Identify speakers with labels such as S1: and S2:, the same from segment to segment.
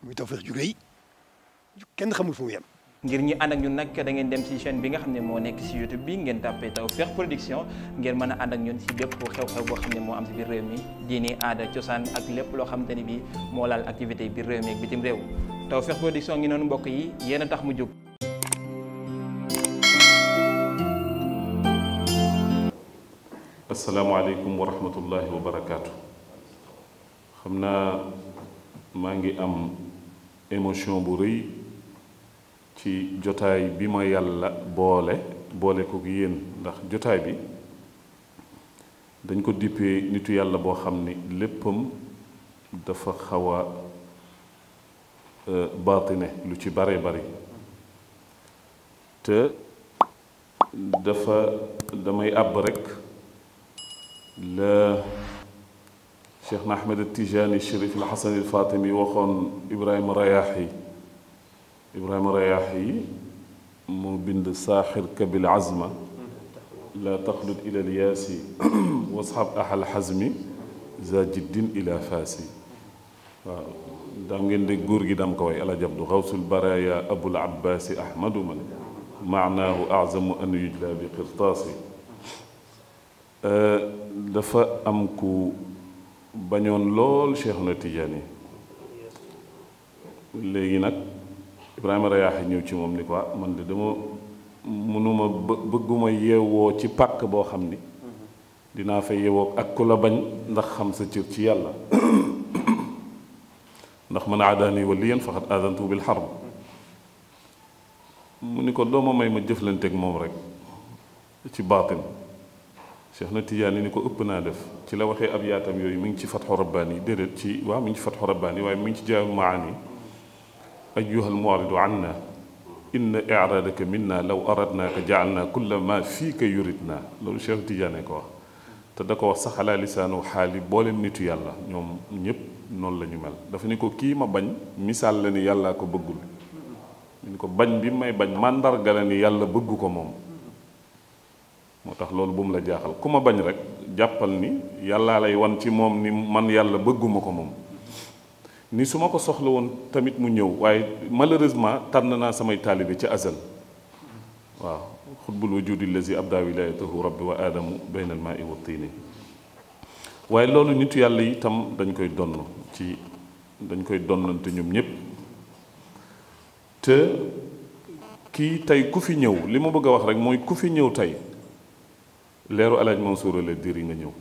S1: muy Tawfekh ju kenn xamul foofu mu yem. ngir ñi ànd ak ñun nag da ngeen dem ci chaîne bi nga xam ne moo nekk ci YouTube bi ngeen tàppee Tawfekh Production ngeen mën a ànd ak ñun ci bépp xew-xew boo xam ne moo am ci biir réew mi diini aada cosaan ak lépp loo xamante ne bi moo laal activité biir réew mi ak bitim réew Tawfekh Production ngi noonu mbokk yi yéen a tax mu jóg. asalaamaaleykum wa rahmatullahi wa barakaatu. xam naa maa ngi am. émotion bu rëy ci jotaay bi ma yàlla boole boole ko yéen ndax jotaay bi dañ ko dippee nitu yàlla boo xam ne léppam dafa xaw a euh, baatine lu ci bare bari te dafa damay àbb rekk la cheikh na ahmed tijaani shérif al xasan al fatimi waxoon ibrahima rayaaxi ibrahima rayaaxi mu bind saaxir kabil azma laa taxlut ila al yaasi wasxab ahal xazmi za jiddin ila faasi waaw daam ngeen dégg góor gi dam ko way ala jabdu xawsul baraya abul abbaasi ahmadu man maanaahu azamu an yujla bi qirtaasi dafa am ku bañoon lool Cheikhuna Tidiane yi léegi nag Ibrahima Rayaaxi ñëw ci moom ni ko ah, man de dama mënuma bëgguma yeewoo ci pàkk boo xam ni dinaa fa yeewoo ak ku la bañ ndax xam sa cër ci yàlla ndax man aadaani waliyan faqad aadantu bil harb mu ni ko dooma may ma jëflanteeg moom rek ci baatin Cheikh na Tidiane ni ko ëpp naa def ci la waxee ab yaatam yooyu mi ngi ci fatxu rabbaani yi déedéet ci waaw mi ngi ci fatxu rabbaani waaye mi ngi ci jaawul maani ayyuhal mu'ridu anna inna i'raadaka minna law aradnaaka ja'alnaa kulla ma fiika yuridnaa loolu Cheikh Tidiane ko wax te da ko wax sax alaa lisaanu xaali boole nitu yàlla ñoom ñëpp noonu la ñu mel dafa ni ko kii ma bañ misaal la ni yàlla ko bëggul ñu ni ko bañ bi may bañ màndarga la yàlla bëgg ko moom moo tax loolu bu mu la jaaxal ku ma bañ rek jàppal ni yàllaa lay wan ci moom ni man yàlla bëgguma ko moom ni su ma ko soxla woon tamit mu ñëw waaye malheureusement tànn naa samay taalibe ci azal waaw xutbul wujudi lazi abda wilayatahu rabbi wa aadamu bayna al maai wa tiini waaye loolu nitu yàlla itam dañ koy donn ci dañ koy donnante ñoom ñépp te kii tey ku fi ñëw li ma bëgg a wax rek mooy ku fi ñëw tey leeru alaaj Mansour la yi nga ñëw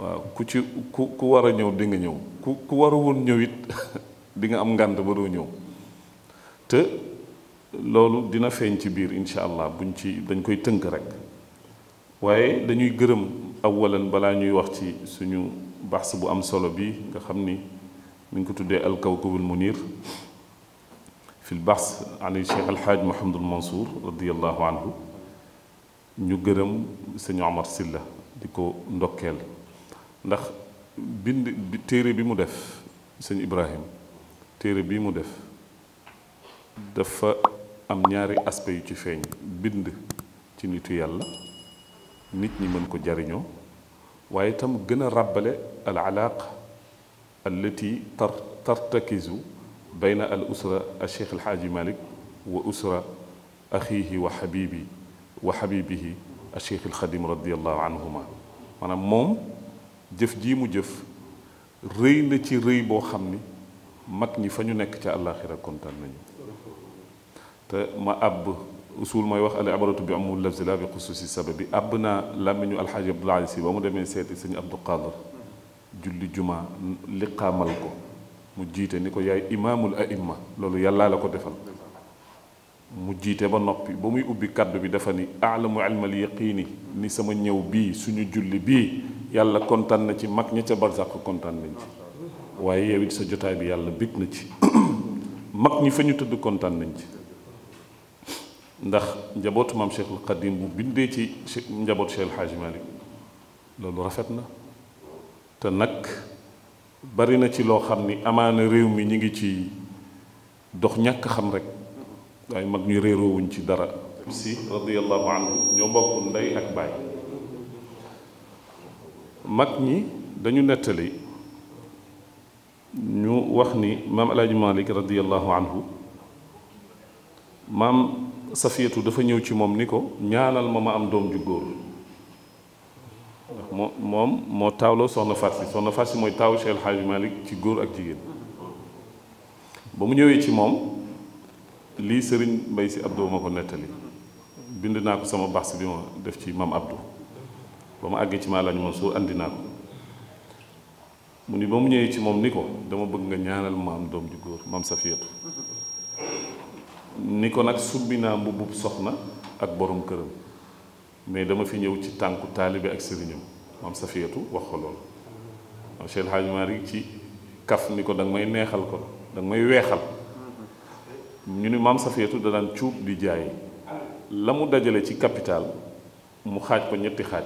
S1: waaw ku ci ku ku war a ñëw dinga nga ñëw ku ku war a woon ñëw it di nga am ngànt ba doo ñëw te loolu dina feeñ ci biir incha allah buñ ci dañ koy tënk rek waaye dañuy gërëm awalan balaa ñuy wax ci suñu baxs bu am solo bi nga xam ni mi ngi ko tuddee alkawkabul munir fi l baxs an cheikh alxaaj Mouhamadul Mansour radiallahu anhu ñu gërëm sëñ Omar Silla di ko ndokkeel ndax bind téere bi mu def sëñ Ibrahim téere bi mu def dafa am ñaari aspect yu ci feeñ bind ci nitu yàlla nit ñi mën ko jariñoo waaye itam gën a ràbbale al alaaq allati tar tartakizu bayna al usra al cheikh alxaaji malik wa usra axiihi wa xabibi wa xabibihi a cheikh alxadim radiallahu anhuma maanaam moom jëf jii mu jëf rëy na ci rëy boo xam ni mag ñi fa ñu nekk ca àllaaxira kontaan nañu te ma àbb usul mooy wax al ibaratu bi amul lafzi la bi xususi sababi àbb naa làmmiñu alxaaji abdul aziz si ba mu demee seeti sëñ abdu qaadir julli juma liqaamal ko mu jiite ni ko yaay imaamul aimma loolu yàllaa la ko defal mu jiite ba noppi ba muy ubbi kàddu bi dafa ni aalamu ilmal yaqiini ni sama ñëw bii suñu julli bii yàlla kontaan na ci mag ña ca barzaq kontaan nañ waaye yow it sa jotaay bi yàlla bég na ci mag ñi fa ñu tëdd kontaan nañ ci ndax njabootu maam Cheikhul Xadim bu bindee ci njabootu Cheikh El Hadji Malick loolu rafet na te nag bari na ci loo xam ni amaane réew mi ñu ngi ci dox ñàkk xam rek waaye mag ñu réeroowuñ ci dara si radiallahu anhu ñoo bokk ndey ak baay mag ñi dañu nettali ñu wax ni maam alaaji malik radiallahu anhu maam safiyatu dafa ñëw ci moom ni ko ñaanal ma ma am doom ju góor ndax moo moom moo taawloo soxna fas yi soxna fas yi mooy taawu Cheikh El Hadji ci góor ak jigéen ba mu ñëwee ci moom lii sëriñ Mbay si Abdou ma nettali bind naa ko sama baax si bi ma def ci maam Abdou ba ma àggee ci maa laaj moom soo andi naa ko mu ni ba mu ñëwee ci moom ni ko dama bëgg nga ñaanal ma am doom ju góor maam Safiyatu ni ko nag subbi naa mbubbub soxna ak boroom këram mais dama fi ñëw ci tànku taalibe ak sëriñam maam Safiyatu wax ko loolu maam Cheikh Hadj ci kaf ni ko danga may neexal ko danga may weexal ñu ni maam Safiyatu da daan cuub di jaay la mu dajale ci capital mu xaaj ko ñetti xaaj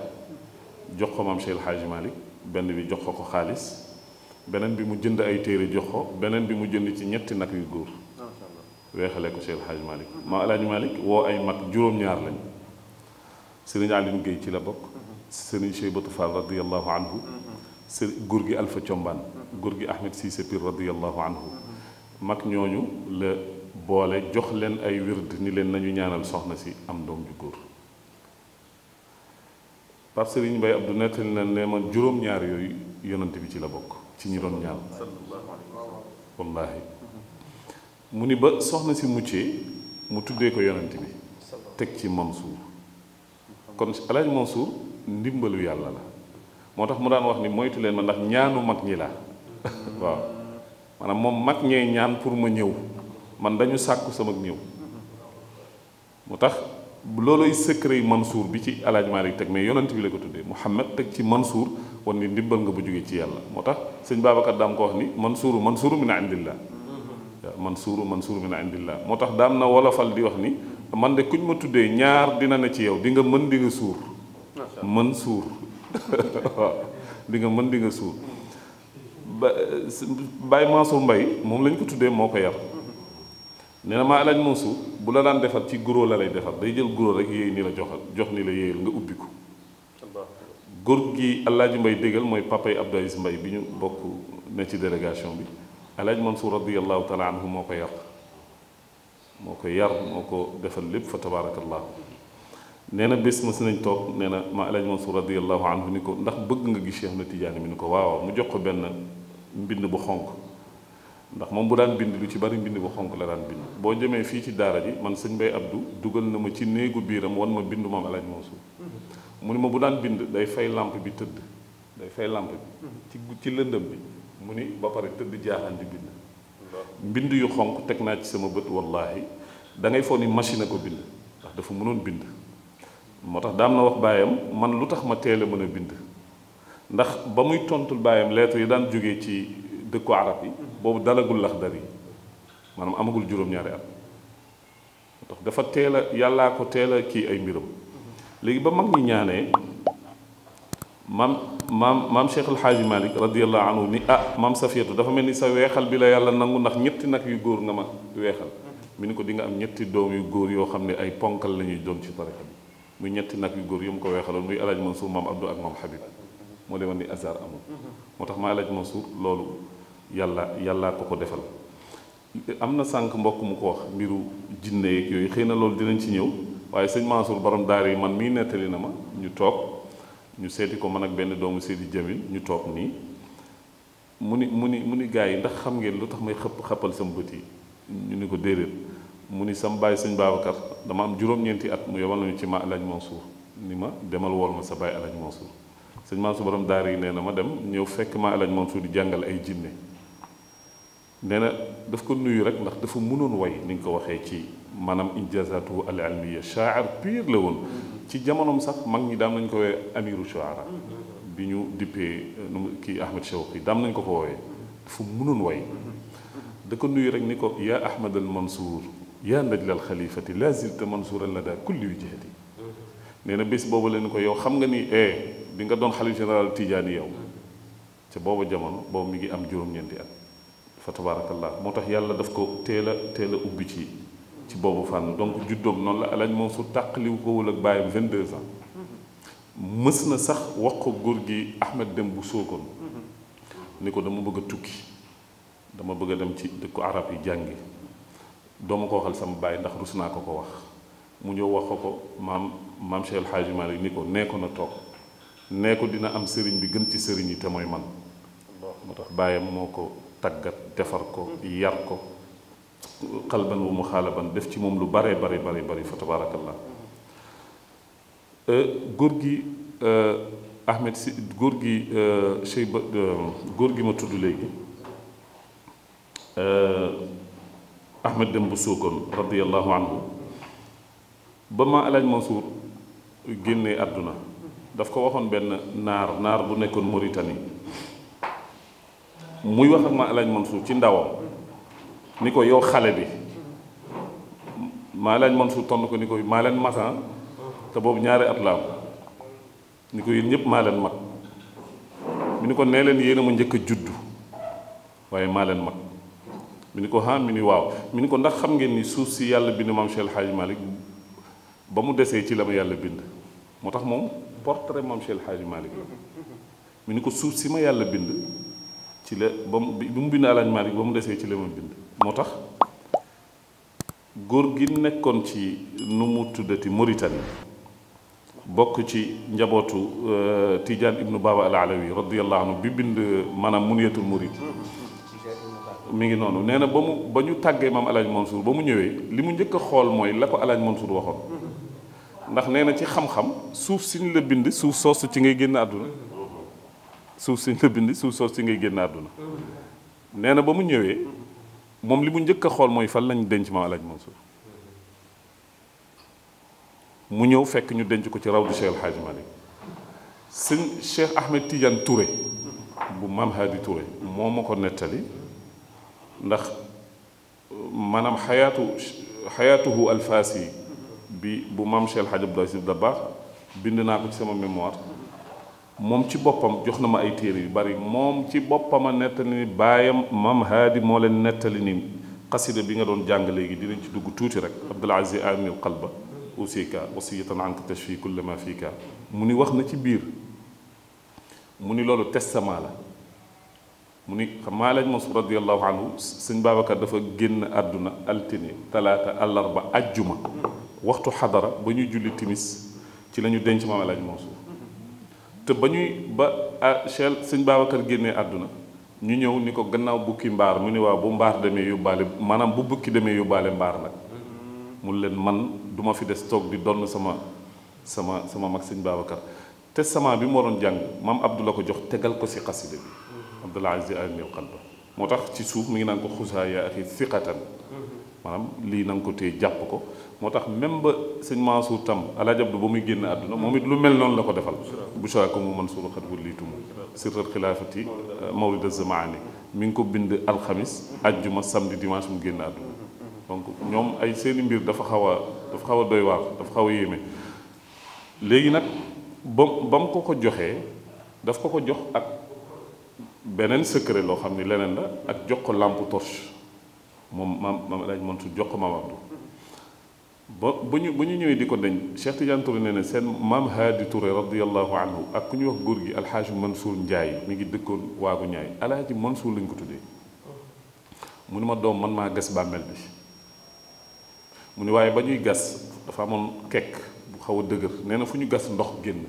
S1: jox ko maam Cheikh El Hadji benn bi jox ko ko xaalis beneen bi mu jënd ay téere jox ko beneen bi mu jënd ci ñetti nag yu góor weexale ko Cheikh El Hadji Malick maam El Hadji woo ay mag juróom-ñaar lañ sëriñ Alioune Guèye ci la bokk sëriñ Cheybatu Fall radiallahu anhu sëriñ góor gi Alpha Thiombane góor gi Ahmed Cissé radiallahu anhu mag ñooñu la boole jox leen ay wird ni leen nañu ñaanal soxna si am doom ju góor Pape Serigne Mbaye Abdou nettali leen ne man juróom-ñaar yooyu yonent bi ci la bokk ci ñu doon ñaan wallaahi mu ni ba soxna si muccee mu tuddee ko yonent bi teg ci Mansour kon Alaaji Mansour ndimbalu yàlla la moo tax mu daan wax ni moytu leen ma ndax ñaanu mag ñi la waaw maanaam moom mag ñee ñaan pour ma ñëw man dañu sàkku sama ñëw moo tax loolu looloy secret Mansour bi ci El Hadj Malick teg mais yonent bi la ko tuddee Mouhamed teg ci Mansour wan ni ndimbal nga bu jógee ci yàlla moo tax sëñ Babacar daam ko wax ni Mansour Mansour min indillah Mansour Mansour min indillah moo tax daam na wolofal di wax ni man de kuñ ma tuddee ñaar dina ne ci yow di nga mën di nga suur mën suur waaw nga mën di nga suur ba Baye Mansour Mbaye moom lañ ko tuddee moo ko yar nee na maa alaaj Mansour bu la daan defar ci goro la lay defal day jël goro rek yéey ni la joxal jox ni la yéeyal nga ubbi ko góor gi alaaji mbay déggal mooy papay Abdou Aziz mbay bi ñu bokk ne ci délégation bi alaaj Mansour radiallahu taala anhu moo ko yar moo ko yar moo ko defal lépp fa tabaarakallahu nee na bés mas nañ toog nee na ma alaaj Mansour radiallahu anhu ni ko ndax bëgg nga gis Cheikh na Tidiane mi ni ko waaw mu jox ko benn mbind bu xonq ndax moom bu daan bind lu ci bari mbind bu xonk la daan bind boo jëmee fii ci daara ji man sëñ Bay Abdou dugal na ma ci néegu biiram wan ma bind moom alaaj Mansour mu ni ma bu daan bind day fay lamp bi tëdd day fay làmp bi ci ci lëndëm bi mu ni ba pare tëdd jaaxaan di bind mbind yu xonq teg naa ci sama bët wallaahi da ngay foog ni machine a ko bind ndax dafa mënoon bind moo tax daam na wax baayam man lu tax ma teel mën a bind ndax ba muy tontul baayam lettre yi daan jógee ci dëkku yi boobu dalagul laxdar yi maanaam amagul juróom-ñaari at ndax dafa teel a yàllaa ko teel a kii ay mbiram léegi ba mag ñi ñaanee maam maam maam Cheikh El Hadj Malick radiyallahu ni ah maam Safiyatu dafa mel ni sa weexal bi la yàlla nangu ndax ñetti nag yu góor nga ma weexal mu ni ko di nga am ñetti doom yu góor yoo xam ne ay ponkal la ñuy doon ci tarixa bi muy ñetti nag yu góor yu mu ko weexaloon muy El Hadj Mansour maam Abdou ak maam Habib moo demoon ni azar moo tax ma El yàlla yàllaa ko ko defal am na sànq mbokk mu ko wax mbiru jinne yeeg yooyu xëy na loolu dinañ ci ñëw waaye sëñ Mansour borom daara yi man mii nettali na ma ñu toog ñu seeti ko man ak benn doomu seeti jamil ñu toog nii mu ni mu ni mu ni gars yi ndax xam ngeen lu tax may xëpp xëppal sama bët yi ñu ni ko déedéet mu ni sam bàyyi sëñ Babacar dama am juróom-ñeenti at mu yebal nañu ci ma alaaj Mansour ni ma demal wool ma sa bàyyi alaaj Mansour sëñ Mansour borom daara yi nee na ma dem ñëw fekk ma alaaj Mansour di jàngal ay jinne nee na ko nuyu rek ndax dafa mënoon way ni nga ko waxee ci maanaam injazatu al almiya shaar pire la woon ci jamonoom sax mag ñi daam nañ ko woowee amiru shuara bi ñu dippee euh, kii Ahmed Shawqi daam nañ ko ko woowee dafa mënoon way da ko nuyu rek ni ko yaa Ahmad al Mansour yaa najla al xalifati laa zilta mansuuran la daa kulli wijhati nee na bés boobu leen ko yow xam nga ni e bi nga doon xalif général Tijaani yow ca booba jamono boobu mi ngi am juróom at fa tabaarakallah moo tax yàlla daf ko téela a ubbi ci ci boobu fànn donc juddoom noonu la alaaj moom su tàqaliwu ko wul ak bàyyam 22
S2: ans
S1: na sax wax ko góor gi Ahmed dem bu sookoon ni ko dama bëgg a tukki dama bëgg a dem ci dëkku arab yi jàngi dooma ko waxal sama bàyyi ndax rus naa ko ko wax mu ñëw wax ko maam maam Cheikh El Hadji Malick ni ko nee ko na toog nee ko dina am sëriñ bi gën ci sëriñ yi te mooy man moo tax bàyyam moo ko tàggat defar ko yar ko xalban wu mu xaalaban def ci moom lu bare bare bare bare fa tabaarakallah euh, góor gi euh, Ahmed si góor gi euh, sëy ba góor gi ma tudd léegi Ahmed Dem bu Sokone radiallahu anhu ba ma alaaj Mansour génnee àdduna daf ko waxoon benn naar naar bu nekkoon Mauritanie muy wax ak ma alaaj Mansour ci ndawam ni ko yow xale bi maa laaj Mansour tonn ko ni ko maa leen matan ah, te boobu ñaaree at ni ko yéen ñëpp maa leen mag mu ni ko nee leen yéen a ma njëkk a judd waaye maa leen mag mu ni ko ah mi ni waaw mu ni ko ndax xam ngeen ni suuf si yàlla bind maam Cheikh El Hadj ba mu desee ci la ma yàlla bind moo tax moom portrait maam Cheikh El Hadj Malick ni ko suuf si ma yàlla bind ci la ba mu bi mu bind Alaaji Maalik ba mu desee ci la ma bind moo tax góor gi nekkoon ci nu mu tuddati Mauritanie bokk ci njabootu euh, Tijaan ibnu Baba al Alawi radiyallahu anhu bi bind maanaam Munyatul Murid ngi noonu nee na ba mu ba ñu tàggee maam Alaaji Mansour ba mu ñëwee li mu njëkk xool mooy la ko Alaaji Mansour waxoon ndax nee na ci xam-xam suuf si ñu la bind suuf soosu ci ngay génn àdduna suuf si nga bind suuf soosu si ngay génn àdduna nee na ba mu ñëwee moom li mu njëkk a xool mooy fan lañ denc ma alaaj Mansour mu ñëw fekk ñu denc ko ci raw Cheikh El Hadj Malick sëñ Cheikh Ahmed Tidiane Touré bu Maam Hadi Touré moo ma nettali ndax maanaam xayaatu xayaatuhu alfaasi bi bu Maam Cheikh El Hadj Abdoulaye Sy Dabakh bind naa ko ci sama mémoire moom ci boppam jox na ma ay téere yu bari moom ci boppam a nettali ni baayam mam haadi moo leen nettali ni xasida bi nga doon jàng léegi dinañ ci dugg tuuti rek abdul aziz amil qalba usika wasiyatan anka tashfi kulla ma fika mu ni wax na ci biir mu ni loolu testament la mu ni xam maa lañ Mansuur radiyallahu anhu sëñ Babacar dafa génn àdduna altine talaata àllarba ajjuma waxtu xadara ba ñu julli timis ci lañu denc maam laaj Mansuur te ba ñuy ba Cheikh sëñ Babacar génnee àdduna ñu ñëw ni ko gannaaw bukki mbaar mu ni waaw bu mbaar demee yóbbaale maanaam bu bukki demee yóbbaale mbaar nag mu leen man duma fi des toog di donn sama sama sama mag sëñ Babacar te sama bi moo doon jàng maam Abdou la ko jox tegal ko si xasida bi Abdoul Aziz Al Qalba moo tax ci suuf mi ngi naan ko xusaa yaa axi siqatan maanaam lii na nga ko téye jàpp ko moo tax même ba sëñ Mansour tam Alaaji Abdu ba muy génn àdduna moom it lu mel noonu la ko defal bu bushra ko mu Mansuur xat wul lii tumu sirtal xilaafati euh, mawlid az-zamaani mi ngi ko bind alxamis ajjuma samedi dimanche mu génn àdduna donc ñoom ay seeni mbir dafa xaw a dafa xaw a doy waar dafa xaw a yéeme léegi nag ba ba mu ko ko joxee daf ko ko jox ak beneen secret loo xam ni leneen la ak jox ko làmp torche moom maam maam El Hadj Mansour jox ko maam Abdou ba ñu bu ñu ñëwee di ko denc Cheikh Tidiane Touré nee na seen maam Haadi Touré radiyallahu anhu ak ku ñu wax góor gi alxaaji Mansour Ndiaye mi ngi dëkkoon waagu ñaay alxaaji Mansour lañ ko tuddee mu ne ma doom man maa gas bàmmeel bi mu ne waaye ba ñuy gas dafa amoon kekk bu xaw a dëgër nee na fu ñu gas ndox génn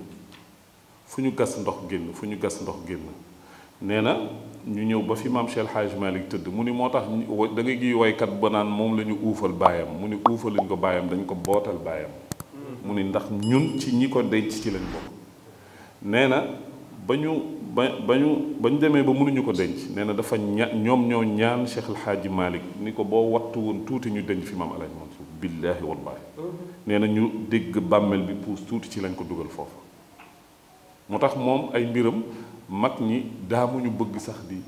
S1: fu ñu gas ndox génn fu ñu gas ndox génn nee na ñu ñëw ba fi maam Cheikh Hadj Malick tëdd mu ni moo tax da ngay gi woykat ba naan moom la ñu uufal baayam mu ni lañu ko baayam dañ ko bootal baayam mu ni ndax ñun ci ñi ko denc ci lañ bokk nee na ba ñu ba ba ñu ba ñu demee ba mënuñu ko denc nee na dafa ña ñoom ñoo ñaan Cheikh El Hadj ni ko boo wattu woon tuuti ñu denc fi maam El Hadj Mansour billaahi wallaahi mm-hmm. nee ñu dégg bàmmeel bi puus tuuti ci lañ ko dugal foofu moo tax moom ay mbiram mag ñi daamuñu bëgg sax di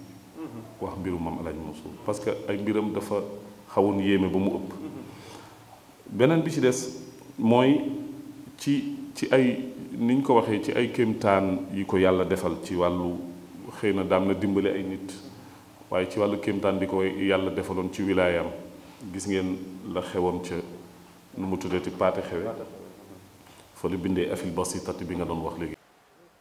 S1: wax mbiru maam El Hadj Mansour parce que ay mbiram dafa xawoon yéeme ba mu ëpp beneen bi ci des mooy ci ci ay niñ ko waxee ci ay kéemtaan yi ko yàlla defal ci wàllu xëy na daam na dimbali ay nit waaye ci wàllu kéemtaan di ko yàlla defaloon ci wilaayam gis ngeen la xewoon ca nu mu tuddee ti paate xewe fa lu bindee afil basitati bi nga doon wax léegi